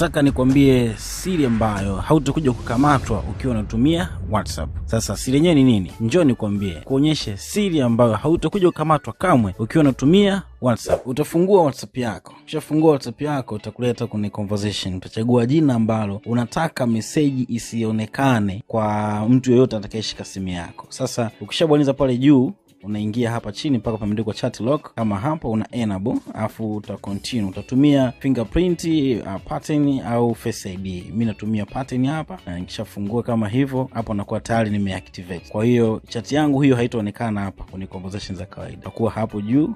nataka nikwambie siri ambayo hautakuja kukamatwa ukiwa unatumia WhatsApp. Sasa siri yenyewe ni nini? Njoo nikwambie, kuonyeshe siri ambayo hautakuja kukamatwa kamwe ukiwa unatumia WhatsApp. Utafungua WhatsApp yako, ukishafungua WhatsApp yako, utakuleta kwenye conversation. Utachagua jina ambalo unataka meseji isionekane kwa mtu yoyote atakayeshika simu yako. Sasa ukishabwaniza pale juu unaingia hapa chini mpaka pameandikwa chat lock. Kama hapo una enable, afu uta continue. Utatumia fingerprint, uh, pattern au face ID. Mimi natumia pattern hapa, na nikishafungua kama hivyo hapo nakuwa tayari nimeactivate. Kwa hiyo chat yangu hiyo haitaonekana hapa kwenye conversation za kawaida, takuwa hapo juu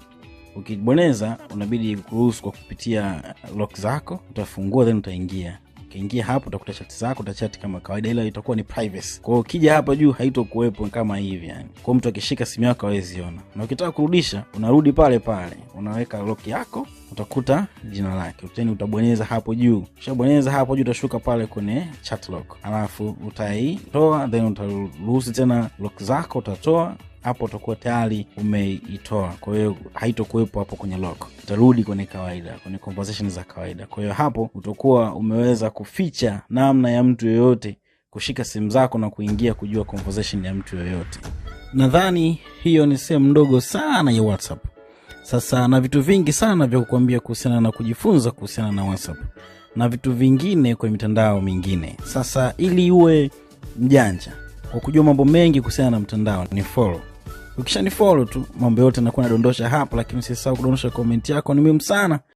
ukibonyeza unabidi kuruhusu kwa kupitia lock zako, utafungua then utaingia ukiingia hapo utakuta chati zako, utachati kama kawaida, ila itakuwa ni privacy. Kwa hiyo ukija hapa juu haitokuwepo kama hivi yani, kwa mtu akishika simu yako hawezi ona, na ukitaka kurudisha unarudi pale pale, unaweka lock yako utakuta jina lake, then yaani utabonyeza hapo juu. Ushabonyeza hapo juu, utashuka pale kwenye chat lock, alafu utaitoa, then utaruhusu tena lock zako, utatoa hapo, utakuwa tayari umeitoa. Kwa hiyo haitokuwepo hapo kwenye lock utarudi kwenye kawaida, kwenye conversation za kawaida. Kwa hiyo hapo utakuwa umeweza kuficha namna ya mtu yoyote kushika simu zako na kuingia kujua conversation ya mtu yoyote. Nadhani hiyo ni sehemu ndogo sana ya WhatsApp. Sasa na vitu vingi sana vya kukuambia kuhusiana na kujifunza kuhusiana na WhatsApp na vitu vingine kwenye mitandao mingine. Sasa ili uwe mjanja kwa kujua mambo mengi kuhusiana na mtandao ni follow ukishanifollow tu mambo yote nakuwa nadondosha hapa lakini sisahau kudondosha komenti yako ni muhimu sana